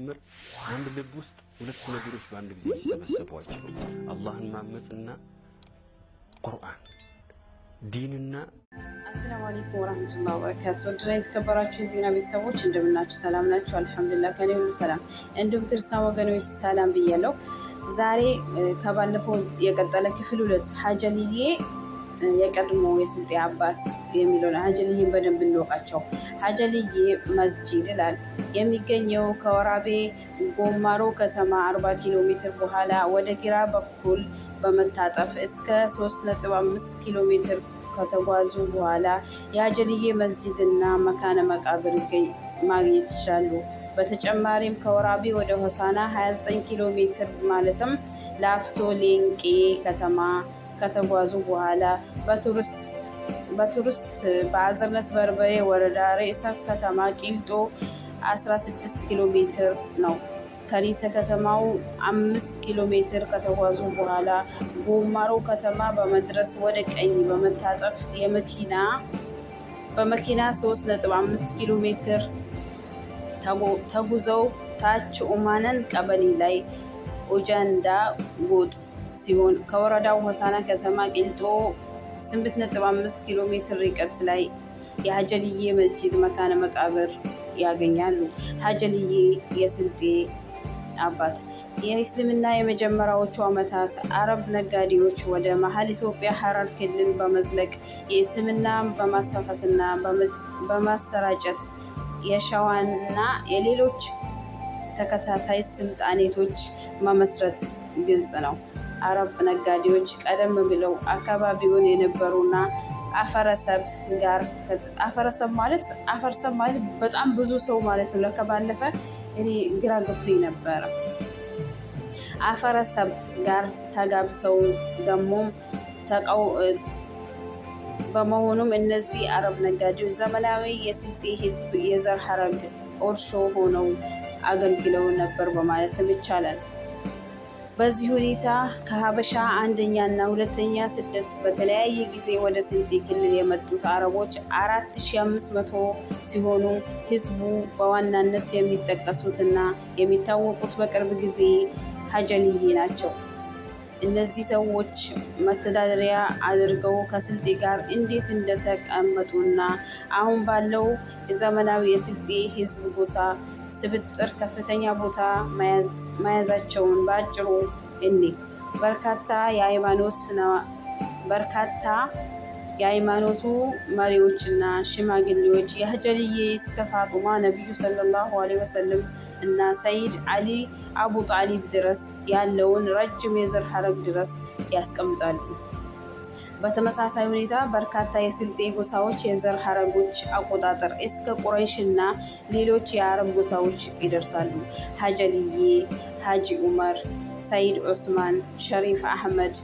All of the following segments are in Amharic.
ጭምር አንድ ልብ ውስጥ ሁለት ነገሮች በአንድ ጊዜ ሊሰበሰቡ አላህን ማመፅና ቁርአን ዲንና። አሰላሙ አለይኩም ወራህመቱላሂ ወበረካቱ። ወድና የተከበራችሁ የዜና ቤተሰቦች እንደምናችሁ፣ ሰላም ናችሁ? አልሐምዱሊላህ ከኔ ሁሉ ሰላም፣ እንዲሁም ክርስቲያን ወገኖች ሰላም ብያለሁ። ዛሬ ከባለፈው የቀጠለ ክፍል ሁለት ሀጀልዬ የቀድሞ የስልጤ አባት የሚለውን ሀጀልይን በደንብ እንወቃቸው። ሀጀልይ መስጂድ ይላል የሚገኘው ከወራቤ ጎማሮ ከተማ 40 ኪሎ ሜትር በኋላ ወደ ግራ በኩል በመታጠፍ እስከ 3.5 ኪሎ ሜትር ከተጓዙ በኋላ የሀጀልዬ መስጂድና መካነ መቃብር ማግኘት ይችላሉ። በተጨማሪም ከወራቤ ወደ ሆሳና 29 ኪሎ ሜትር ማለትም ላፍቶ ሌንቄ ከተማ ከተጓዙ በኋላ በቱሪስት በአዘርነት በርበሬ ወረዳ ርዕሰ ከተማ ቂልጦ 16 ኪሎ ሜትር ነው። ከርዕሰ ከተማው አምስት ኪሎ ሜትር ከተጓዙ በኋላ ጎማሮ ከተማ በመድረስ ወደ ቀኝ በመታጠፍ የመኪና በመኪና 3.5 ኪሎ ሜትር ተጉዘው ታች ኡማነን ቀበሌ ላይ ኦጃንዳ ጎጥ ሲሆን ከወረዳው ሆሳና ከተማ ቂልጦ 8.5 ኪሎ ሜትር ርቀት ላይ የሀጀልዬ መስጂድ መካነ መቃብር ያገኛሉ። ሀጀልዬ የስልጤ አባት የእስልምና የመጀመሪያዎቹ ዓመታት አረብ ነጋዴዎች ወደ መሀል ኢትዮጵያ ሀረር ክልል በመዝለቅ የእስልምና በማስፋፋትና በማሰራጨት የሸዋና የሌሎች ተከታታይ ስልጣኔቶች መመስረት ግልጽ ነው። አረብ ነጋዴዎች ቀደም ብለው አካባቢውን የነበሩና አፈረሰብ ጋር አፈረሰብ ማለት አፈረሰብ ማለት በጣም ብዙ ሰው ማለት ነው። ለከባለፈ እኔ ግራ ገብቶኝ ነበረ። አፈረሰብ ጋር ተጋብተው ደግሞ ተቀው በመሆኑም እነዚህ አረብ ነጋዴዎች ዘመናዊ የስልጤ ሕዝብ የዘር ሀረግ ኦርሾ ሆነው አገልግለው ነበር በማለትም ይቻላል። በዚህ ሁኔታ ከሀበሻ አንደኛና ሁለተኛ ስደት በተለያየ ጊዜ ወደ ስልጤ ክልል የመጡት አረቦች 4500 ሲሆኑ ህዝቡ በዋናነት የሚጠቀሱትና የሚታወቁት በቅርብ ጊዜ ሀጀልዬ ናቸው። እነዚህ ሰዎች መተዳደሪያ አድርገው ከስልጤ ጋር እንዴት እንደተቀመጡና አሁን ባለው የዘመናዊ የስልጤ ህዝብ ጎሳ ስብጥር ከፍተኛ ቦታ መያዛቸውን በአጭሩ እኔ በርካታ የሃይማኖት በርካታ የሃይማኖቱ መሪዎችና ሽማግሌዎች የሀጀርዬ እስከ ፋጡማ ነቢዩ ሰለላሁ ዐለይሂ ወሰለም እና ሰይድ አሊ አቡ ጣሊብ ድረስ ያለውን ረጅም የዘር ሀረግ ድረስ ያስቀምጣሉ። በተመሳሳይ ሁኔታ በርካታ የስልጤ ጎሳዎች የዘር ሀረጎች አቆጣጠር እስከ ቁረይሽ እና ሌሎች የአረብ ጎሳዎች ይደርሳሉ። ሀጀልዬ፣ ሀጂ ዑመር፣ ሰይድ ዑስማን፣ ሸሪፍ አህመድ፣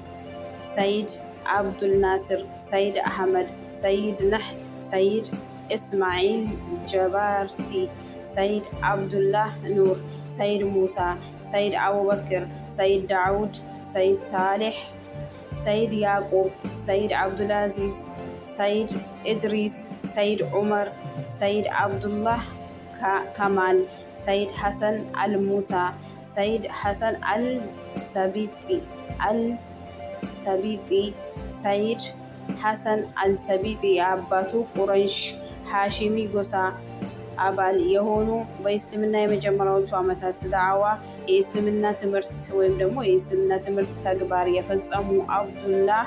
ሰይድ አብዱል ሰይድ አህመድ፣ ሰይድ ነህል፣ ሰይድ እስማዒል ጀባርቲ፣ ሰይድ አብዱላህ ኑር፣ ሰይድ ሙሳ፣ ሰይድ አቡበክር፣ ሰይድ ዳውድ፣ ሰይድ ሳሌሕ ሰይድ ያዕቁብ፣ ሰይድ ዓብዱልዓዚዝ፣ ሰይድ ኢድሪስ፣ ሰይድ ዑመር፣ ሰይድ ዓብዱላህ ከማል ሰይድ ሐሰን አልሙሳ፣ ሰይድ ሐሰን አልሰቢጢ፣ ሰይድ ሐሰን አልሰቢጢ የአባቱ ቁረንሽ ሃሺሚ ጎሳ አባል የሆኑ በእስልምና የመጀመሪያዎቹ ዓመታት ዳዕዋ የእስልምና ትምህርት ወይም ደግሞ የእስልምና ትምህርት ተግባር የፈጸሙ አብዱላህ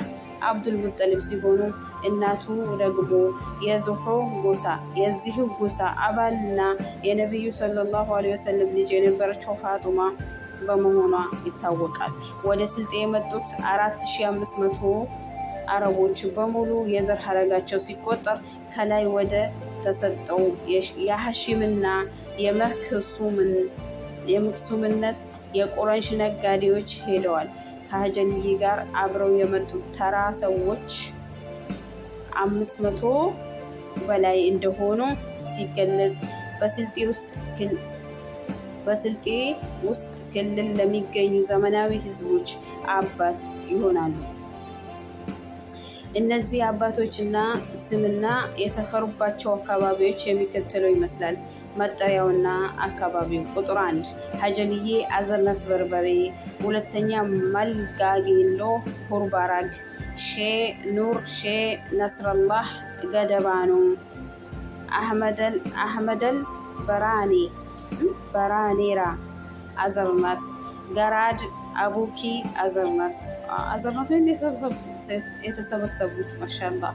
አብዱል ሙጠሊብ ሲሆኑ እናቱ ደግሞ የዙህሮ ጎሳ የዚህ ጎሳ አባልና የነቢዩ ሰለላሁ ዐለይሂ ወሰለም ልጅ የነበረችው ፋጡማ በመሆኗ ይታወቃል። ወደ ስልጤ የመጡት 4500 አረቦች በሙሉ የዘር ሀረጋቸው ሲቆጠር ከላይ ወደ ተሰጠው። የሐሺምና የመክሱምነት የቁረንሽ ነጋዴዎች ሄደዋል። ከሀጀንይ ጋር አብረው የመጡት ተራ ሰዎች አምስት መቶ በላይ እንደሆኑ ሲገለጽ በስልጤ ውስጥ ክልል ለሚገኙ ዘመናዊ ህዝቦች አባት ይሆናሉ። እነዚህ አባቶችና ስምና የሰፈሩባቸው አካባቢዎች የሚከተለው ይመስላል። መጠሪያውና አካባቢው፣ ቁጥር አንድ ሀጀልዬ አዘርነት በርበሬ፣ ሁለተኛ መልጋጌሎ ሁርባራግ፣ ሼ ኑር፣ ሼ ነስረላህ፣ ገደባኑ፣ አህመደል በራኔ በራኔራ አዘርናት ገራድ አቡኪ አዘርናት አዘርናት እንዴት የተሰበሰቡት ማሻላ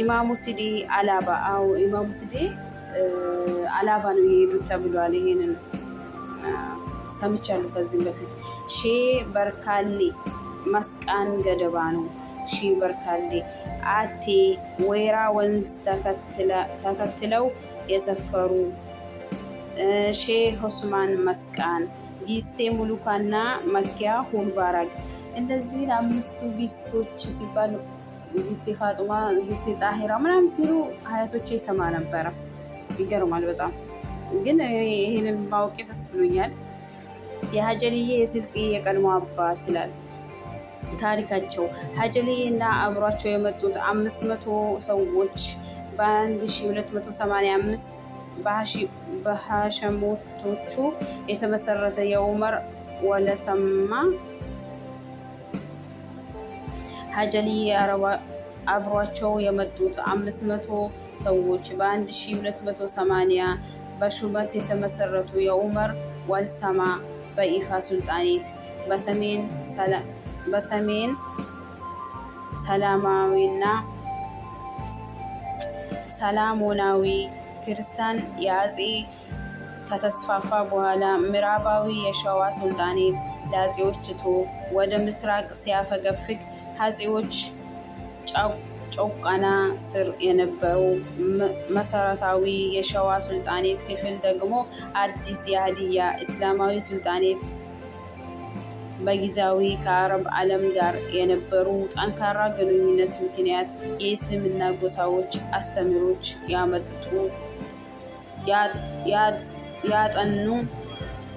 ኢማሙ ሲዴ አላባ አዎ ኢማሙ ሲዴ አላባ ነው የሄዱት ተብሏል። ይሄንን ሰምቻለሁ ከዚህም በፊት ሺ በርካሌ መስቃን ገደባ ነው። ሺ በርካሌ አቴ ወይራ ወንዝ ተከትለው የሰፈሩ ሼህ ሆስማን መስቃን ጊስቴ ሙሉካና መኪያ ሁንባራግ እንደዚህ አምስቱ ጊስቶች ሲባል ጊስቴ ፋጡማ፣ ጊስቴ ጣሄራ ምናምን ሲሉ ሀያቶቼ ይሰማ ነበረ። ይገርማል በጣም ግን ይህንን ማወቅ ደስ ብሎኛል። የሀጀልዬ የስልጤ የቀድሞ አባት ይላል ታሪካቸው። ሀጀልዬ እና አብሯቸው የመጡት አምስት መቶ ሰዎች በ1285 በሃሸሞቶቹ የተመሰረተ የዑመር ወለሰማ ሀጀሊ አብሯቸው የመጡት 500 ሰዎች በ1280 በሹመት የተመሰረቱ የኡመር ወልሰማ በኢፋ ሱልጣኔት በሰሜን ሰላማዊና ሰላሞናዊ ክርስቲያን የአጼ ከተስፋፋ በኋላ ምዕራባዊ የሸዋ ሱልጣኔት ለአጼዎች ትቶ ወደ ምስራቅ ሲያፈገፍግ አጼዎች ጮቃና ስር የነበሩ መሰረታዊ የሸዋ ሱልጣኔት ክፍል ደግሞ አዲስ የሀዲያ እስላማዊ ሱልጣኔት በጊዜያዊ ከአረብ ዓለም ጋር የነበሩ ጠንካራ ግንኙነት ምክንያት የእስልምና ጎሳዎች አስተምሮች ያመጡ ያጠኑ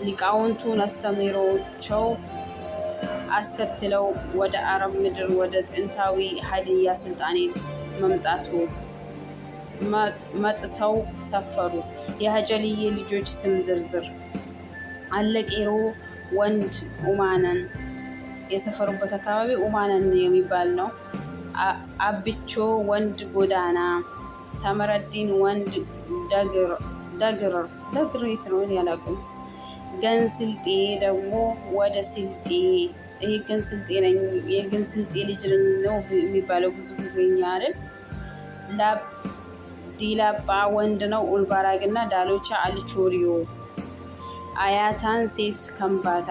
ሊቃውንቱ አስተምህሮቸው አስከትለው ወደ አረብ ምድር ወደ ጥንታዊ ሀዲያ ስልጣኔት መምጣቱ መጥተው ሰፈሩ። የሀጀልዬ ልጆች ስም ዝርዝር አለቄሮ ወንድ ኡማነን የሰፈሩበት አካባቢ ኡማነን የሚባል ነው። አብቾ ወንድ ጎዳና፣ ሰመረዲን ወንድ ደግር ዳግራ ዳግራ ደግሬት ነው ያላቁም። ገንስልጤ ደግሞ ወደ ስልጤ ይሄ ገንስልጤ ነኝ ይሄ ገንስልጤ ልጅ ነኝ ነው የሚባለው ብዙ ጊዜ እኛ አይደል። ላብ ዲላባ ወንድ ነው። ኡልባራግና ዳሎቻ አልቾሪዮ አያታን ሴት ከምባታ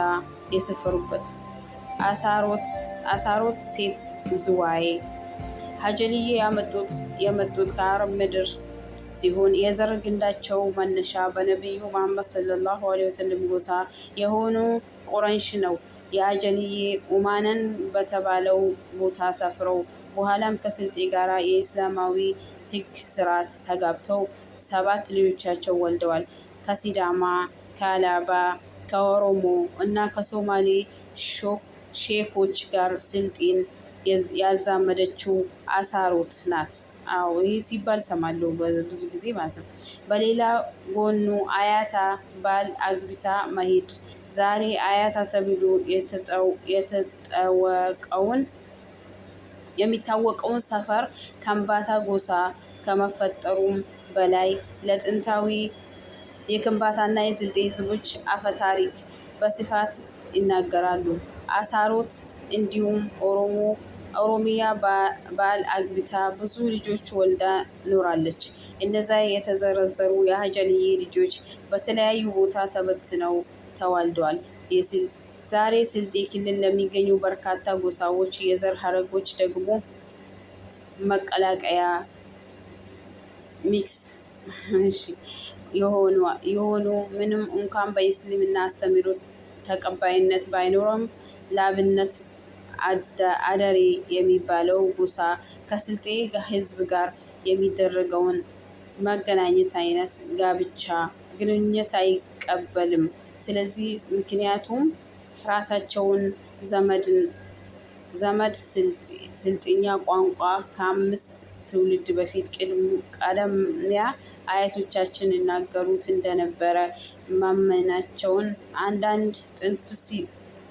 የሰፈሩበት አሳሮት አሳሮት ሴት ዝዋይ ሀጀልዬ ያመጡት የመጡት ከአረብ ምድር ሲሆን የዘር ግንዳቸው መነሻ በነቢዩ መሐመድ ሰለላሁ ዐለይሂ ወሰለም ጎሳ የሆኑ ቁረይሽ ነው። የአጀልዬ ኡማነን በተባለው ቦታ ሰፍረው በኋላም ከስልጤ ጋራ የእስላማዊ ሕግ ስርዓት ተጋብተው ሰባት ልጆቻቸው ወልደዋል። ከሲዳማ፣ ከአላባ፣ ከኦሮሞ እና ከሶማሌ ሼኮች ጋር ስልጤን ያዛመደችው አሳሮት ናት። አዎ ይህ ሲባል ሰማለሁ ብዙ ጊዜ ማለት ነው። በሌላ ጎኑ አያታ ባል አግብታ መሄድ ዛሬ አያታ ተብሎ የተጠወቀውን የሚታወቀውን ሰፈር ከምባታ ጎሳ ከመፈጠሩም በላይ ለጥንታዊ የከምባታና የስልጤ ህዝቦች አፈታሪክ በስፋት ይናገራሉ። አሳሮት እንዲሁም ኦሮሞ ኦሮሚያ ባል አግብታ ብዙ ልጆች ወልዳ ኖራለች። እነዛ የተዘረዘሩ የሀጀልዬ ልጆች በተለያዩ ቦታ ተበትነው ተዋልደዋል። ዛሬ ስልጤ ክልል ለሚገኙ በርካታ ጎሳዎች የዘር ሀረጎች ደግሞ መቀላቀያ ሚክስ የሆኑ ምንም እንኳን በእስልምና አስተምህሮት ተቀባይነት ባይኖረም ላብነት አደሬ የሚባለው ጎሳ ከስልጤ ህዝብ ጋር የሚደረገውን መገናኘት አይነት ጋብቻ ግንኙነት አይቀበልም። ስለዚህ ምክንያቱም ራሳቸውን ዘመድን ዘመድ ስልጥኛ ቋንቋ ከአምስት ትውልድ በፊት ቀደሚያ አያቶቻችን ይናገሩት እንደነበረ ማመናቸውን አንዳንድ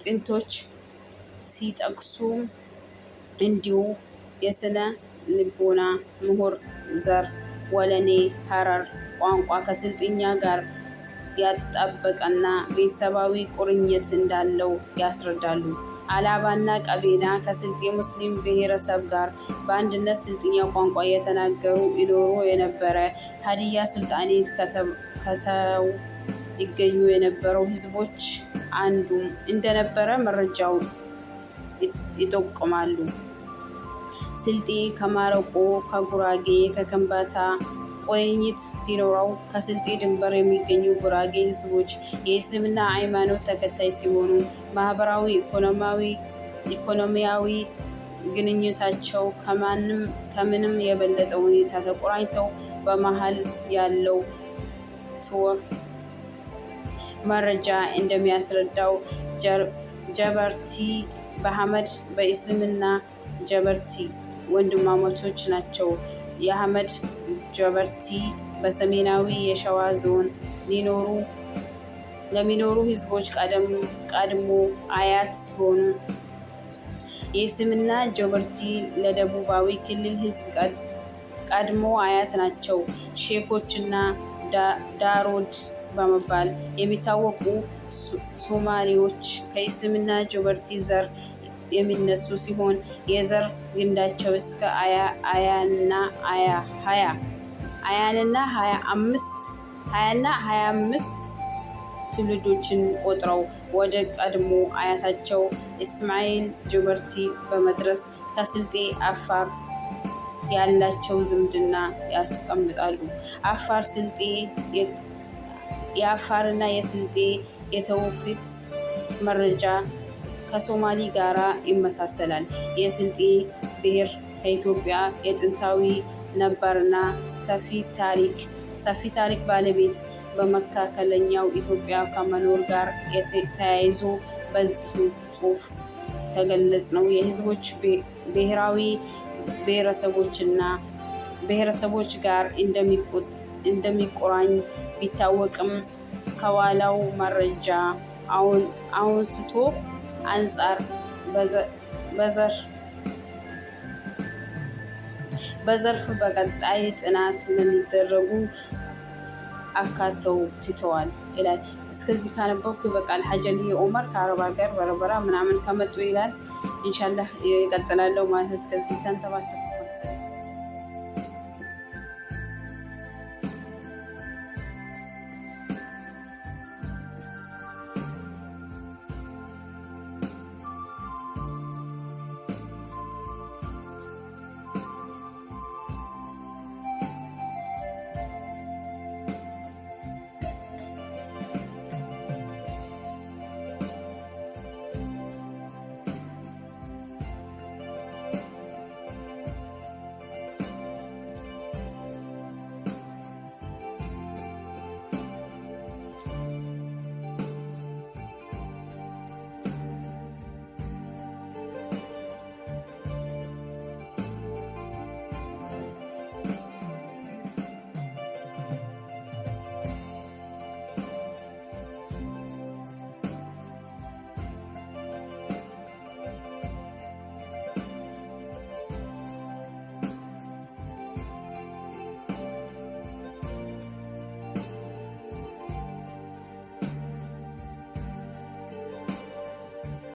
ጥንቶች ሲጠቅሱ እንዲሁ የስነ ልቦና ምሁር ዘር ወለኔ ሀረር ቋንቋ ከስልጥኛ ጋር ያጣበቀና ቤተሰባዊ ቁርኝት እንዳለው ያስረዳሉ። አላባና ቀቤና ከስልጤ ሙስሊም ብሔረሰብ ጋር በአንድነት ስልጥኛ ቋንቋ እየተናገሩ ይኖሩ የነበረ ሀዲያ ሱልጣኔት ከተው ይገኙ የነበረው ህዝቦች አንዱ እንደነበረ መረጃው ይጠቁማሉ። ስልጤ ከማረቆ፣ ከጉራጌ፣ ከከምባታ ቆይኝት ሲኖረው ከስልጤ ድንበር የሚገኙ ጉራጌ ህዝቦች የእስልምና ሃይማኖት ተከታይ ሲሆኑ ማህበራዊ፣ ኢኮኖሚያዊ ግንኙታቸው ከምንም የበለጠ ሁኔታ ተቆራኝተው በመሀል ያለው ትወፍ መረጃ እንደሚያስረዳው ጀበርቲ በአህመድ በእስልምና ጀበርቲ ወንድማማቾች ናቸው። የአህመድ ጀበርቲ በሰሜናዊ የሸዋ ዞን ሊኖሩ ለሚኖሩ ህዝቦች ቀድሞ አያት ሲሆኑ የእስልምና ጀበርቲ ለደቡባዊ ክልል ህዝብ ቀድሞ አያት ናቸው። ሼኮችና ዳሮድ በመባል የሚታወቁ ሶማሌዎች ከእስልምና ጆበርቲ ዘር የሚነሱ ሲሆን የዘር ግንዳቸው እስከ አያና ሀያ አያንና ሀያ አምስት ሀያና ሀያ አምስት ትውልዶችን ቆጥረው ወደ ቀድሞ አያታቸው እስማኤል ጆበርቲ በመድረስ ከስልጤ አፋር ያላቸው ዝምድና ያስቀምጣሉ። አፋር ስልጤ የአፋርና የስልጤ የተውፊት መረጃ ከሶማሊ ጋር ይመሳሰላል። የስልጤ ብሔር ከኢትዮጵያ የጥንታዊ ነባርና ሰፊ ታሪክ ሰፊ ታሪክ ባለቤት በመካከለኛው ኢትዮጵያ ከመኖር ጋር ተያይዞ በዚሁ ጽሑፍ ተገለጽ ነው የህዝቦች ብሔራዊ ብሔረሰቦችና ብሔረሰቦች ጋር እንደሚቆራኝ ቢታወቅም ከዋለው መረጃ አውንስቶ አንጻር በዘርፍ በቀጣይ ጥናት ለሚደረጉ አካተው ትተዋል ይላል። እስከዚህ ካነበብኩ ይበቃል። ሀጀል ኦመር ከአረብ ሀገር በረበራ ምናምን ከመጡ ይላል። እንሻላ ይቀጥላለው ማለት እስከዚህ ተንተባተ